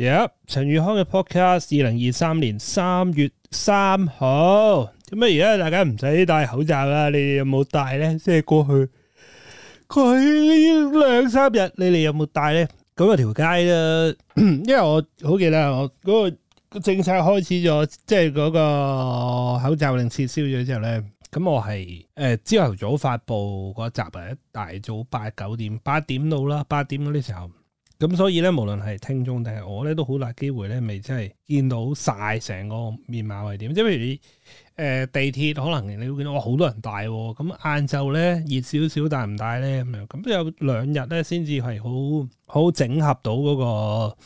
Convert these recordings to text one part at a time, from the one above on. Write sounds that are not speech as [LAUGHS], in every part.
有陳宇康嘅 podcast，二零二三年三月三號，咁啊，而家大家唔使戴口罩啦。你哋有冇戴咧？即係過去，過去佢呢兩三日，你哋有冇戴咧？咁啊條街啊，因為我好記得，我嗰個政策開始咗，即係嗰個口罩令撤銷咗之後咧，咁我係誒朝頭早發布嗰集呀，大早八九點八點到啦，八點嗰啲時候。咁所以咧，無論係聽眾定係我咧，都好大機會咧，未真係見到晒成個面貌係點。即係譬如誒、呃、地鐵，可能你會見到哇，好、哦、多人戴喎、啊。咁晏晝咧熱少少，戴唔戴咧咁咁都有兩日咧，先至係好好整合到嗰、那個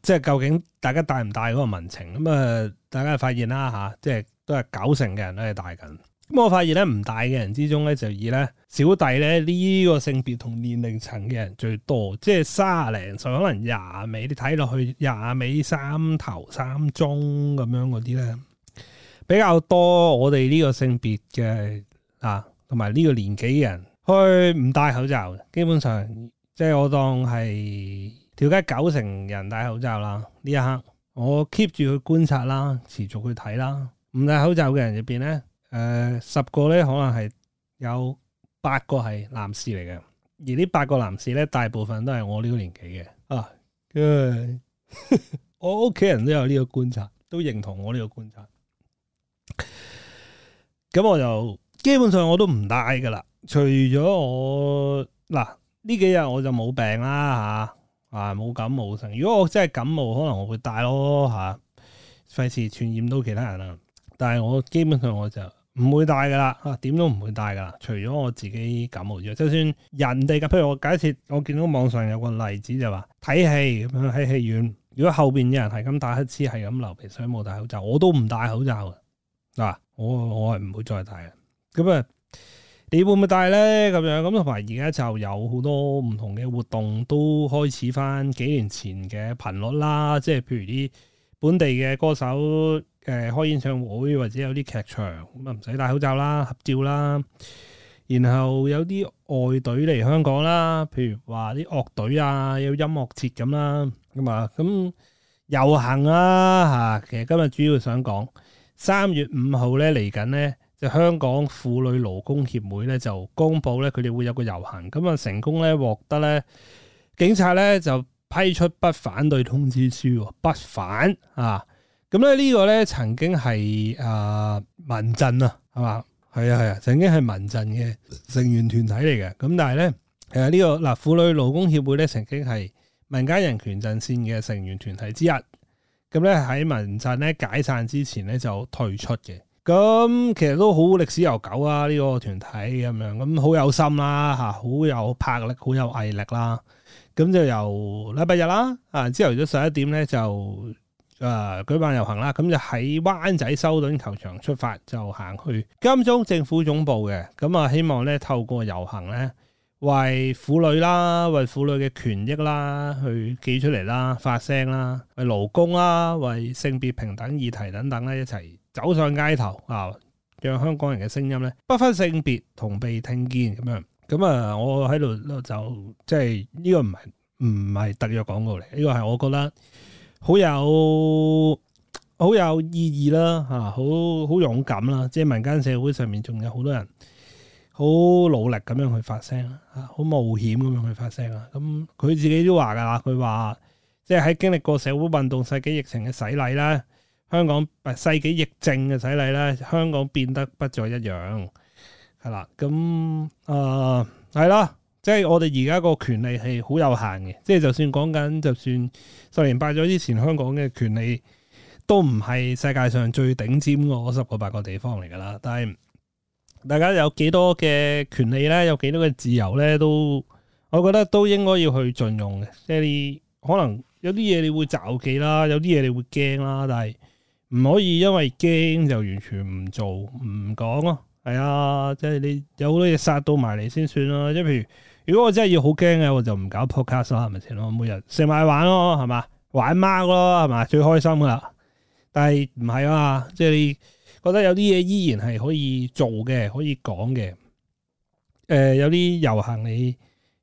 即係究竟大家戴唔戴嗰個民情咁啊、嗯呃？大家發現啦吓、啊，即係都係九成嘅人都係戴緊。咁我發現咧唔戴嘅人之中咧，就以咧小弟咧呢個性別同年齡層嘅人最多，即係卅零歲，可能廿尾，你睇落去廿尾三頭三中咁樣嗰啲咧比較多。我哋呢個性別嘅啊，同埋呢個年紀嘅人去唔戴口罩，基本上即係、就是，我當係條街九成人戴口罩啦。呢一刻我 keep 住去觀察啦，持續去睇啦，唔戴口罩嘅人入邊咧。誒、呃，十個咧，可能係有八個係男士嚟嘅，而呢八個男士咧，大部分都係我呢個年紀嘅。啊， [LAUGHS] 我屋企人都有呢個觀察，都認同我呢個觀察。咁我就基本上我都唔戴噶啦，除咗我嗱呢、啊、幾日我就冇病啦吓，啊冇、啊、感冒症。如果我真係感冒，可能我會戴咯吓，費事傳染到其他人啦，但係我基本上我就，唔會戴噶啦，啊點都唔會戴噶啦，除咗我自己感冒咗，就算人哋嘅，譬如我假設，我見到網上有個例子就話睇戲咁樣喺戲院，如果後面嘅人係咁打乞嗤，係咁流鼻水冇戴口罩，我都唔戴口罩啊嗱，我我係唔會再戴啊。咁、嗯、啊，你會唔會戴咧？咁樣，咁同埋而家就有好多唔同嘅活動都開始翻幾年前嘅頻率啦，即係譬如啲本地嘅歌手。誒開演唱會或者有啲劇場咁啊，唔使戴口罩啦，合照啦，然後有啲外隊嚟香港啦，譬如話啲樂隊啊，有音樂節咁啦，咁啊，咁遊行啊嚇，其實今日主要想講三月五號咧嚟緊呢，就香港婦女勞工協會咧就公佈咧，佢哋會有個遊行，咁啊成功咧獲得咧警察咧就批出不反對通知書，不反啊！咁咧呢個咧曾經係啊民陣啊，係嘛，係啊係啊，曾經係民陣嘅成員團體嚟嘅。咁但係咧，誒、這、呢個嗱婦女勞工協會咧，曾經係民間人權陣線嘅成員團體之一。咁咧喺民陣咧解散之前咧就退出嘅。咁其實都好歷史悠久啊，呢、這個團體咁樣咁好有心啦吓，好有魄力，好有毅力啦。咁就由禮拜日啦，啊之後咗十一點咧就。誒、呃，舉辦遊行啦，咁就喺灣仔修頓球場出發，就行去金鐘政府總部嘅。咁啊，希望咧透過遊行咧，為婦女啦，為婦女嘅權益啦，去寄出嚟啦，發聲啦，為勞工啦，為性別平等議題等等啦，一齊走上街頭啊，讓香港人嘅聲音咧，不分性別同被聽見咁樣。咁啊，我喺度就即係呢個唔係唔係特約廣告嚟，呢、這個係我覺得。好有好有意義啦，吓好好勇敢啦！即係民間社會上面仲有好多人，好努力咁樣去發聲啦，好冒險咁樣去發聲啦。咁佢自己都話噶啦，佢話即係喺經歷過社會運動、世紀疫情嘅洗禮啦，香港世紀疫症嘅洗禮啦，香港變得不再一樣，係啦。咁誒係啦。呃即係我哋而家個權利係好有限嘅，即係就算講緊，就算十年八載之前香港嘅權利都唔係世界上最頂尖嗰十個八個地方嚟㗎啦。但係大家有幾多嘅權利咧，有幾多嘅自由咧，都我覺得都應該要去盡用嘅。即係你可能有啲嘢你會執忌啦，有啲嘢你會驚啦，但係唔可以因為驚就完全唔做唔講咯。係啊，即係你有好多嘢殺到埋嚟先算啦，即係譬如。如果我真係要好驚嘅，我就唔搞 podcast 啦，係咪先咯？每日食埋玩咯，係嘛？玩貓咯，係嘛？最開心噶啦！但係唔係啊，即係你覺得有啲嘢依然係可以做嘅，可以講嘅。誒、呃，有啲遊行你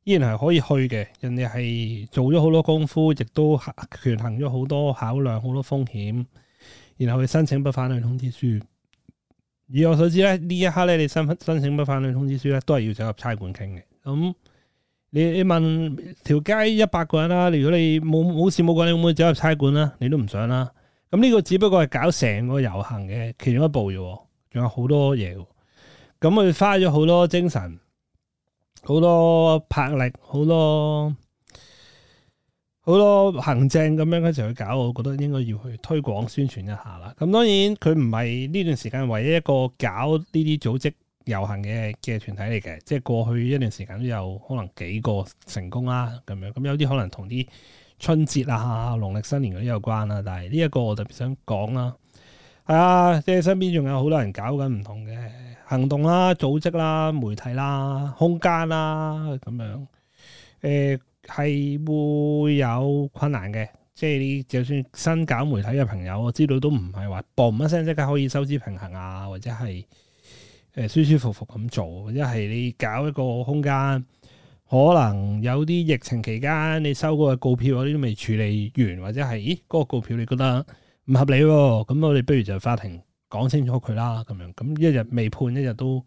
依然係可以去嘅，人哋係做咗好多功夫，亦都權衡咗好多考量，好多風險，然後去申請不反對通知書。以我所知咧，呢一刻咧，你申申請不反對通知書咧，都係要走入差館傾嘅咁。嗯你你問條街一百個人啦，如果你冇冇事冇鬼，你會唔會走入差館啦？你都唔想啦。咁呢個只不過係搞成個遊行嘅其中一步啫，仲有好多嘢。咁佢花咗好多精神、好多魄力、好多好多行政咁樣嗰陣去搞，我覺得應該要去推廣宣傳一下啦。咁當然佢唔係呢段時間唯一一個搞呢啲組織。遊行嘅嘅團體嚟嘅，即係過去一段時間都有可能幾個成功啦咁樣，咁有啲可能同啲春節啊、農曆新年嗰啲有關啦。但係呢一個我特別想講啦，係啊，即係身邊仲有好多人搞緊唔同嘅行動啦、啊、組織啦、啊、媒體啦、啊、空間啦、啊、咁樣，誒、欸、係會有困難嘅。即係你就算新搞媒體嘅朋友，我知道都唔係話嘣一聲即刻可以收支平衡啊，或者係。舒舒服服咁做，或者係你搞一個空間，可能有啲疫情期間你收過嘅告票，嗰啲都未處理完，或者係咦嗰個告票你覺得唔合理喎，咁我哋不如就法庭講清楚佢啦，咁樣咁一日未判一日都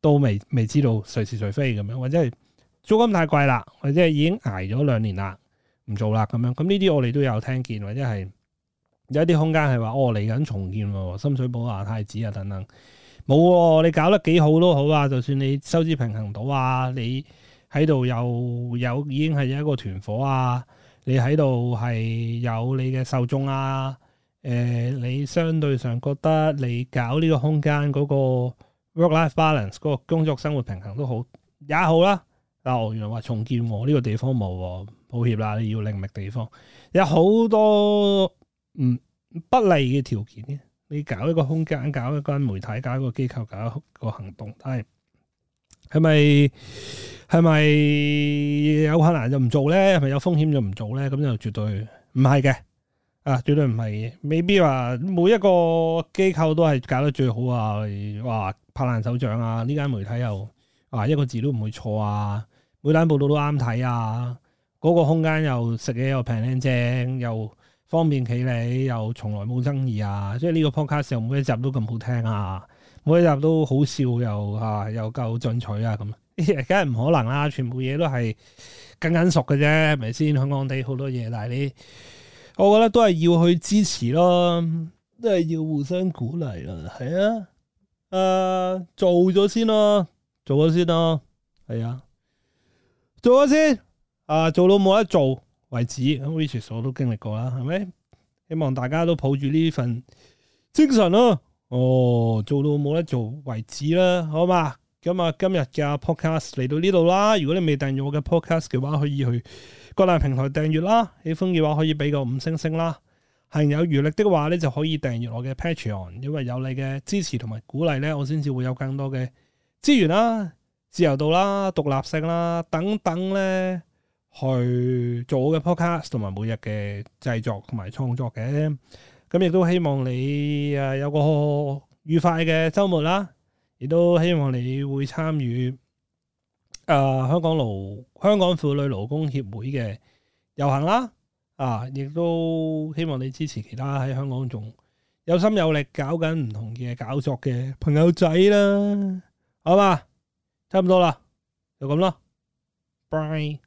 都未未知道誰是誰非咁樣，或者係租金太貴啦，或者係已經挨咗兩年啦，唔做啦咁樣，咁呢啲我哋都有聽見，或者係有一啲空間係話，哦嚟緊重建喎，深水埗啊、太子啊等等。冇、啊，你搞得幾好都好啊！就算你收支平衡到啊，你喺度又有已經係一個團伙啊，你喺度係有你嘅受眾啊、呃，你相對上覺得你搞呢個空間嗰個 work-life balance 嗰個工作生活平衡都好也好啦、啊。嗱、哦，原來話重建呢、哦這個地方冇、哦，抱歉啦，你要另覓地方，有好多唔不，不利嘅條件嘅。你搞一個空間，搞一間媒體，搞一個機構，搞一個行動，係係咪係咪有困難就唔做咧？係咪有風險就唔做咧？咁就絕對唔係嘅，啊，絕對唔係嘅。未必話每一個機構都係搞得最好啊！哇，拍爛手掌啊！呢間媒體又啊一個字都唔會錯啊！每單報導都啱睇啊！嗰個空間又食嘢又平靚正又～方便企理又從來冇爭議啊！即係呢個 podcast 又每一集都咁好聽啊，每一集都好笑又吓又夠進取啊！咁梗係唔可能啦，全部嘢都係跟緊熟嘅啫，係咪先？香港地好多嘢，但係你，我覺得都係要去支持咯，都係要互相鼓勵啊。係啊，誒，做咗先咯，做咗先咯，係啊，做咗先，啊，做到冇得做。為止，我以前都經歷過啦，係咪？希望大家都抱住呢份精神咯，啊。哦，做到冇得做為止啦，好嘛？咁啊，今日嘅 podcast 嚟到呢度啦。如果你未訂閱我嘅 podcast 嘅話，可以去各大平台訂閱啦。喜歡嘅話，可以俾個五星星啦。行有餘力的話咧，就可以訂閱我嘅 Patreon，因為有你嘅支持同埋鼓勵咧，我先至會有更多嘅資源啦、自由度啦、獨立性啦等等咧。去做嘅 podcast 同埋每日嘅製作同埋創作嘅，咁亦都希望你啊有個愉快嘅週末啦，亦都希望你會參與啊香港勞香港婦女勞工協會嘅遊行啦，啊亦都希望你支持其他喺香港仲有心有力搞緊唔同嘅搞作嘅朋友仔啦，好嘛？差唔多啦，就咁啦，拜。